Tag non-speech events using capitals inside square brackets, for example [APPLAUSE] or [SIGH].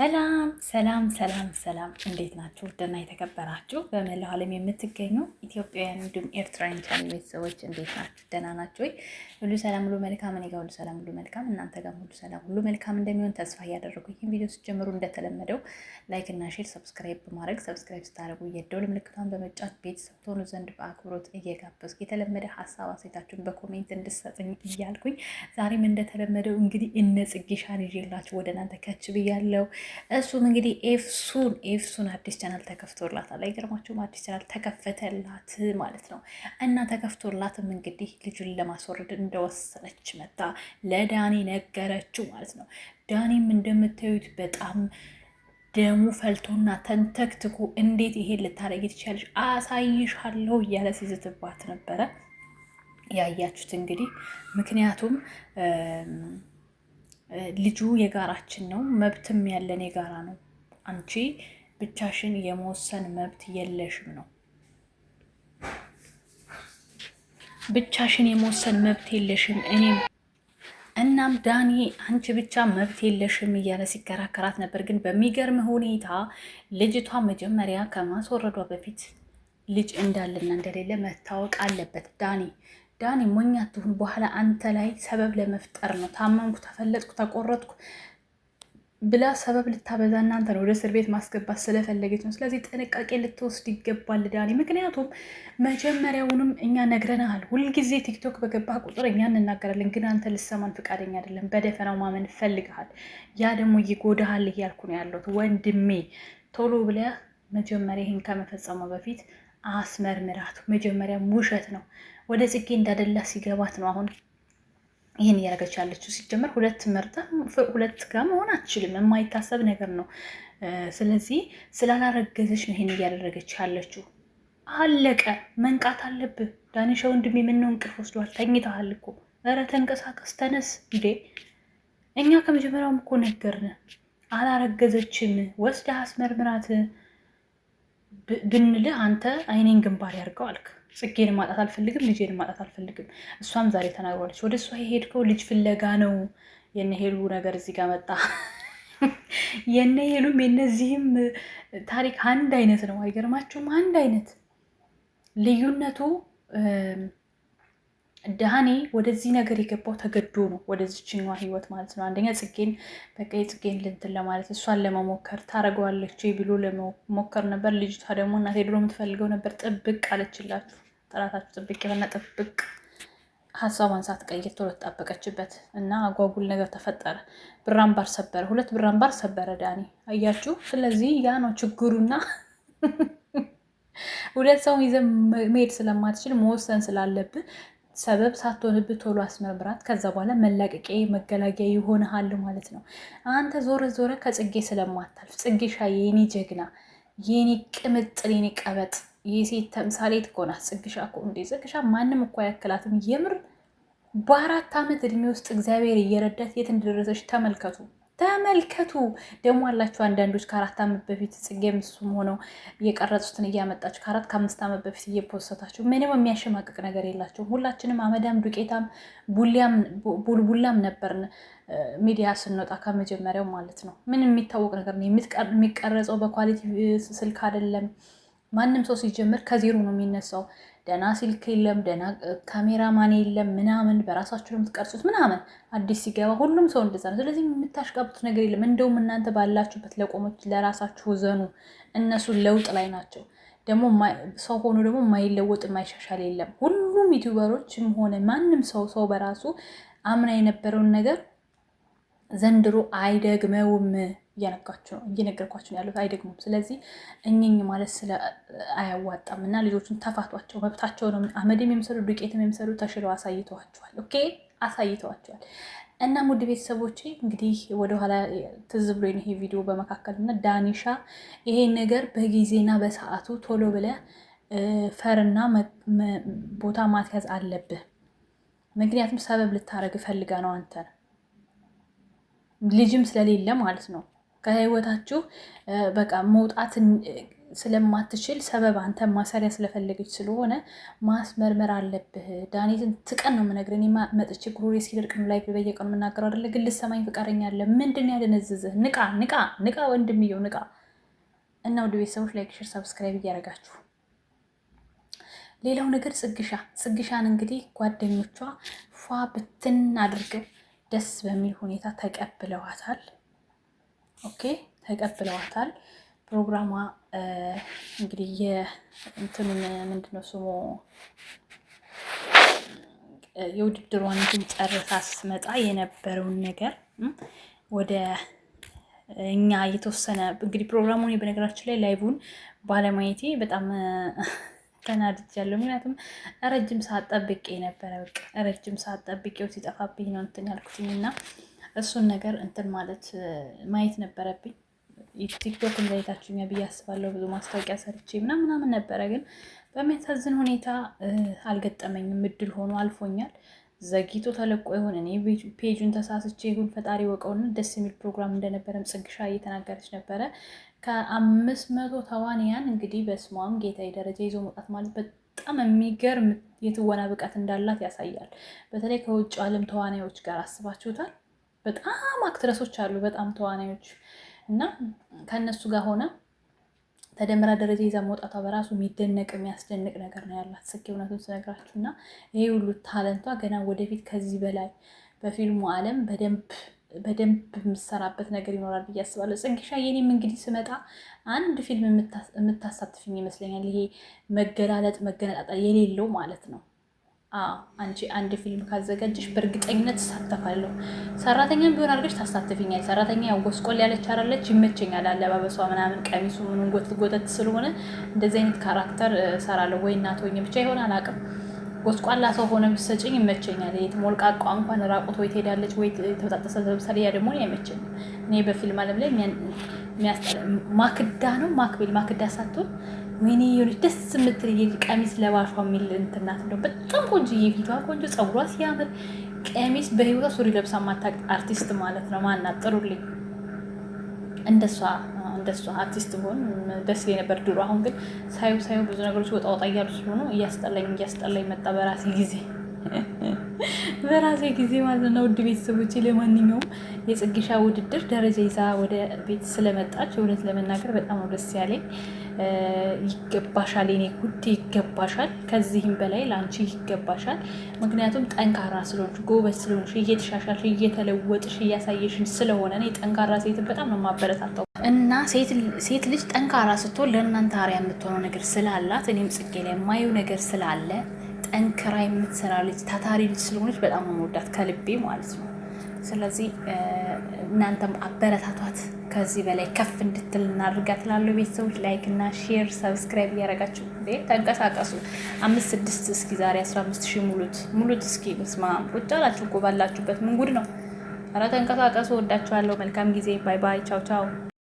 ሰላም ሰላም ሰላም ሰላም፣ እንዴት ናችሁ? ደህና የተከበራችሁ በመላው ዓለም የምትገኙ ኢትዮጵያውያን እንዲሁም ኤርትራውያን ቻናል ቤተሰቦች እንዴት ናችሁ? ደህና ናችሁ ወይ? ሁሉ ሰላም ሁሉ መልካም፣ እኔ ጋር ሁሉ ሰላም ሁሉ መልካም፣ እናንተ ጋር ሁሉ ሰላም ሁሉ መልካም እንደሚሆን ተስፋ እያደረጉ ይህን ቪዲዮ ስትጀምሩ እንደተለመደው ላይክ እና ሼር፣ ሰብስክራይብ በማድረግ ሰብስክራይብ ስታደርጉ የደውል ምልክቷን በመጫት ቤተሰብ ትሆኑ ዘንድ በአክብሮት እየጋበዝኩ የተለመደ ሀሳብ አሴታችሁን በኮሜንት እንድሰጥኝ እያልኩኝ ዛሬም እንደተለመደው እንግዲህ እነ ጽጌሻን ይዤላችሁ ወደ እናንተ ከች ብያለሁ። እሱም እንግዲህ ኤፍሱን ኤፍሱን አዲስ ቻናል ተከፍቶላታል። አይገርማችሁም? አዲስ ቻናል ተከፈተላት ማለት ነው። እና ተከፍቶላትም እንግዲህ ልጁን ለማስወረድ እንደወሰነች መታ ለዳኒ ነገረችው ማለት ነው። ዳኒም እንደምታዩት በጣም ደሙ ፈልቶና ተንተክትኮ እንዴት ይሄን ልታረጊ ትችያለሽ? አሳይሻለሁ እያለ ሲዝትባት ነበረ ያያችሁት እንግዲህ ምክንያቱም ልጁ የጋራችን ነው፣ መብትም ያለን የጋራ ነው። አንቺ ብቻሽን የመወሰን መብት የለሽም ነው። ብቻሽን የመወሰን መብት የለሽም እኔም እናም ዳኒ አንቺ ብቻ መብት የለሽም እያለ ሲከራከራት ነበር። ግን በሚገርም ሁኔታ ልጅቷ መጀመሪያ ከማስወረዷ በፊት ልጅ እንዳለና እንደሌለ መታወቅ አለበት ዳኒ ዳኒ ሞኛ ትሁን። በኋላ አንተ ላይ ሰበብ ለመፍጠር ነው። ታመምኩ፣ ተፈለጥኩ፣ ተቆረጥኩ ብላ ሰበብ ልታበዛ ነው ወደ እስር ቤት ማስገባት ስለፈለገች ነው። ስለዚህ ጥንቃቄ ልትወስድ ይገባል ዳኒ። ምክንያቱም መጀመሪያውንም እኛ ነግረናል። ሁልጊዜ ቲክቶክ በገባ ቁጥር እኛ እንናገራለን፣ ግን አንተ ልሰማን ፈቃደኛ አይደለም። በደፈናው ማመን ፈልግሃል። ያ ደግሞ ይጎዳሃል እያልኩ ነው ያለሁት ወንድሜ። ቶሎ ብለህ መጀመሪያ ይህን ከመፈጸሙ በፊት አስመርምራት። መጀመሪያ ውሸት ነው ወደ ጽጌ እንዳደላ ሲገባት ነው አሁን ይህን እያደረገች ያለችው። ሲጀመር ሁለት መርጣ ሁለት ጋር መሆን አትችልም። የማይታሰብ ነገር ነው። ስለዚህ ስላላረገዘች ነው ይህን እያደረገች ያለችው። አለቀ። መንቃት አለብህ ዳንሻ ወንድሜ። የምነው እንቅልፍ ወስዷል። ተኝተሃል እኮ እረ ተንቀሳቀስ፣ ተነስ እንዴ! እኛ ከመጀመሪያውም እኮ ነገርን። አላረገዘችም። ወስደህ አስመርምራት። ብንልህ አንተ አይኔን ግንባር ያድርገው አልክ። ጽጌን ማጣት አልፈልግም፣ ልጄን ማጣት አልፈልግም። እሷም ዛሬ ተናግሯለች። ወደ እሷ የሄድከው ልጅ ፍለጋ ነው። የነሄሉ ነገር እዚህ ጋር መጣ። [LAUGHS] የነሄሉም የነዚህም ታሪክ አንድ አይነት ነው። አይገርማችሁም? አንድ አይነት ልዩነቱ ዳኔ ወደዚህ ነገር የገባው ተገዶ ነው፣ ወደዚችኛ ህይወት ማለት ነው። አንደኛ ጽጌን በቃ የጽጌን ልንትን ለማለት እሷን ለመሞከር ታደርገዋለች ብሎ ለመሞከር ነበር። ልጅቷ ደግሞ እናቴ ድሮ የምትፈልገው ነበር ጥብቅ አለችላችሁ። ጥራታችሁ ጥብቅ የሆነ ጥብቅ ሀሳቧን ሳትቀይር ቶሎ ተጣበቀችበት እና አጓጉል ነገር ተፈጠረ። ብር ባር ሰበረ፣ ሁለት ብራምባር ሰበረ ዳኒ አያችሁ። ስለዚህ ያ ነው ችግሩና [LAUGHS] ሁለት ሰውን ይዘን መሄድ ስለማትችል መወሰን ስላለብን ሰበብ ሳትሆንብህ ቶሎ አስመርምራት። ከዛ በኋላ መላቀቂያ መገላገያ ይሆንሃል ማለት ነው። አንተ ዞረ ዞረ ከጽጌ ስለማታልፍ ጽጌ ሻዬ፣ የኔ ጀግና፣ የኔ ቅምጥል፣ የኔ ቀበጥ፣ የሴት ተምሳሌት እኮ ናት ጽግሻ እኮ። እንዴ ጽግሻ ማንም እኮ ያክላትም የምር በአራት ዓመት እድሜ ውስጥ እግዚአብሔር እየረዳት የት እንደደረሰች ተመልከቱ። ተመልከቱ። ደግሞ አላችሁ አንዳንዶች ከአራት ዓመት በፊት ጽጌ ምስሱም ሆነው እየቀረጹትን እያመጣችሁ ከአራት ከአምስት ዓመት በፊት እየፖሰታችሁ ምንም የሚያሸማቅቅ ነገር የላቸውም። ሁላችንም አመዳም ዱቄታም ቡልቡላም ነበርን። ሚዲያ ስንወጣ ከመጀመሪያው ማለት ነው። ምን የሚታወቅ ነገር ነው? የሚቀረጸው በኳሊቲ ስልክ አይደለም። ማንም ሰው ሲጀምር ከዜሮ ነው የሚነሳው። ደና ስልክ የለም፣ ደና ካሜራማን የለም ምናምን፣ በራሳችሁ የምትቀርጹት ምናምን። አዲስ ሲገባ ሁሉም ሰው እንደዛ ነው። ስለዚህ የምታሽቃብጡት ነገር የለም። እንደውም እናንተ ባላችሁበት ለቆሞች ለራሳችሁ ዘኑ። እነሱ ለውጥ ላይ ናቸው። ደግሞ ሰው ሆኖ ደግሞ የማይለወጥ የማይሻሻል የለም። ሁሉም ዩቲዩበሮችም ሆነ ማንም ሰው ሰው በራሱ አምና የነበረውን ነገር ዘንድሮ አይደግመውም። እየነጋችሁ ነው እየነገርኳችሁ ነው ያሉት አይደግሙም። ስለዚህ እኝኝ ማለት ስለ አያዋጣም እና ልጆቹን ተፋቷቸው፣ መብታቸው ነው። አመድም የሚሰሩ ዱቄትም የሚሰሩ ተሽለው አሳይተዋቸዋል። ኦኬ አሳይተዋቸዋል። እና ውድ ቤተሰቦች እንግዲህ ወደኋላ ትዝ ብሎ ይሄ ቪዲዮ በመካከል እና ዳኒሻ ይሄ ነገር በጊዜና በሰዓቱ ቶሎ ብለ ፈርና ቦታ ማትያዝ አለብህ። ምክንያቱም ሰበብ ልታደረግ ፈልጋ ነው አንተ ልጅም ስለሌለ ማለት ነው። ከህይወታችሁ በቃ መውጣት ስለማትችል ሰበብ አንተ ማሰሪያ ስለፈለገች ስለሆነ ማስመርመር አለብህ። ዳኔትን ትቀን ነው የምነግርህ። እኔማ መጥቼ ጉሮሬ ሲደርቅ ነው ላይ በየቀኑ የምናገረው አይደለ? ግን ልትሰማኝ ፈቃደኛ አለ? ምንድን ያደነዝዝህ? ንቃ፣ ንቃ፣ ንቃ ወንድምየው ንቃ። እና ወደ ቤተሰቦች ላይክ፣ ሼር፣ ሰብስክራይብ እያደረጋችሁ ሌላው ነገር ጽግሻ ጽግሻን እንግዲህ ጓደኞቿ ፏ ብትን አድርገው ደስ በሚል ሁኔታ ተቀብለዋታል። ኦኬ ተቀብለዋታል። ፕሮግራሟ እንግዲህ የእንትኑን ምንድነው ስሙ የውድድሯን እንትን ጨርሳ ስትመጣ የነበረውን ነገር ወደ እኛ የተወሰነ እንግዲህ ፕሮግራሙን በነገራችን ላይ ላይቡን ባለማየቴ በጣም ተናድጃለሁ። ምክንያቱም ረጅም ሰዓት ጠብቄ ነበረ። በቃ ረጅም ሰዓት ጠብቄው ሲጠፋብኝ ነው እንትን ያልኩትኝ እና እሱን ነገር እንትን ማለት ማየት ነበረብኝ። ቲክቶክ እንዳይታችሁኛ ብዬ አስባለሁ። ብዙ ማስታወቂያ ሰርቼ ምና ምናምን ነበረ፣ ግን በሚያሳዝን ሁኔታ አልገጠመኝም። እድል ሆኖ አልፎኛል። ዘግይቶ ተለቆ ይሁን እኔ ፔጁን ተሳስቼ ይሁን ፈጣሪ ወቀውና፣ ደስ የሚል ፕሮግራም እንደነበረም ጽግሻ እየተናገረች ነበረ። ከአምስት መቶ ተዋንያን እንግዲህ በስሟም ጌታዬ ደረጃ ይዞ መውጣት ማለት በጣም የሚገርም የትወና ብቃት እንዳላት ያሳያል። በተለይ ከውጭ ዓለም ተዋናዮች ጋር አስባችሁታል። በጣም አክትረሶች አሉ፣ በጣም ተዋናዮች እና ከእነሱ ጋር ሆነ ተደምራ ደረጃ ይዛ መውጣቷ በራሱ የሚደነቅ የሚያስደንቅ ነገር ነው ያላት ስኬ። እውነቱን ስነግራችሁ እና ይህ ሁሉ ታለንቷ ገና ወደፊት ከዚህ በላይ በፊልሙ ዓለም በደንብ በደንብ የምሰራበት ነገር ይኖራል ብዬ አስባለሁ። ጽጌሻ የኔም እንግዲህ ስመጣ አንድ ፊልም የምታሳትፍኝ ይመስለኛል። ይሄ መገላለጥ መገነጣጠል የሌለው ማለት ነው አንቺ አንድ ፊልም ካዘጋጀሽ በእርግጠኝነት እሳተፋለሁ። ሰራተኛም ቢሆን አድርገሽ ታሳትፊኛል። ሰራተኛ ያው ጎስቆል ያለች አላለች ይመቸኛል። አለባበሷ ምናምን ቀሚሱ ምኑን ጎትት ጎተት ስለሆነ እንደዚህ አይነት ካራክተር እሰራለሁ ወይ እናት ሆኜ ብቻ ይሆን አላውቅም። ጎስቋላ ሰው ሆነ ምሰጭኝ ይመቸኛል። የተሞልቃቋ እንኳን ራቁት ወይ ትሄዳለች ወይ ተበጣጠሰ ለምሳሌ ያ ደግሞ አይመቸኝም። እኔ በፊልም አለም ላይ ማክዳ ነው ማክቤል ማክዳ ሳትሆን ወይኔ የሆነች ደስ የምትል ቀሚስ ለባሿ የሚል እንትናት ነው። በጣም ቆንጆ የፊቷ ቆንጆ ፀጉሯ ሲያምር ቀሚስ በህይወቷ ሱሪ ለብሳ ማታ አርቲስት ማለት ነው። ማና ጥሩልኝ። እንደሷ እንደሷ አርቲስት ሆን ደስ ይለኝ ነበር ድሮ። አሁን ግን ሳዩ ሳዩ ብዙ ነገሮች ወጣ ወጣ እያሉ ስለሆኑ እያስጠላኝ እያስጠላኝ መጣ በራሴ ጊዜ በራሴ ጊዜ ማለት ነው። ውድ ቤተሰቦች፣ ለማንኛውም የጽግሻ ውድድር ደረጃ ይዛ ወደ ቤት ስለመጣች እውነት ለመናገር በጣም ነው ደስ ያለኝ። ይገባሻል፣ የኔ ጉድ ይገባሻል። ከዚህም በላይ ለአንቺ ይገባሻል። ምክንያቱም ጠንካራ ስለሆንሽ፣ ጎበዝ ስለሆንሽ፣ እየተሻሻልሽ፣ እየተለወጥሽ፣ እያሳየሽን ስለሆነ እኔ ጠንካራ ሴትን በጣም ነው የማበረታታው እና ሴት ልጅ ጠንካራ ስትሆን ለእናንተ አርአያ የምትሆነው ነገር ስላላት እኔም ጽጌ ላይ የማየው ነገር ስላለ ጠንክራ የምትሰራ ልጅ ታታሪ ልጅ ስለሆነች በጣም መወዳት ከልቤ ማለት ነው። ስለዚህ እናንተም አበረታቷት ከዚህ በላይ ከፍ እንድትል እናድርጋት። ላለው ቤተሰቦች ላይክ እና ሼር ሰብስክራይብ እያደረጋችሁ ተንቀሳቀሱ። አምስት ስድስት እስኪ ዛሬ አስራ አምስት ሺህ ሙሉት ሙሉት እስኪ ስማ ቁጭ አላችሁ እኮ ባላችሁበት ምን ጉድ ነው? ኧረ ተንቀሳቀሱ። ወዳችኋለሁ። መልካም ጊዜ። ባይ ባይ። ቻው ቻው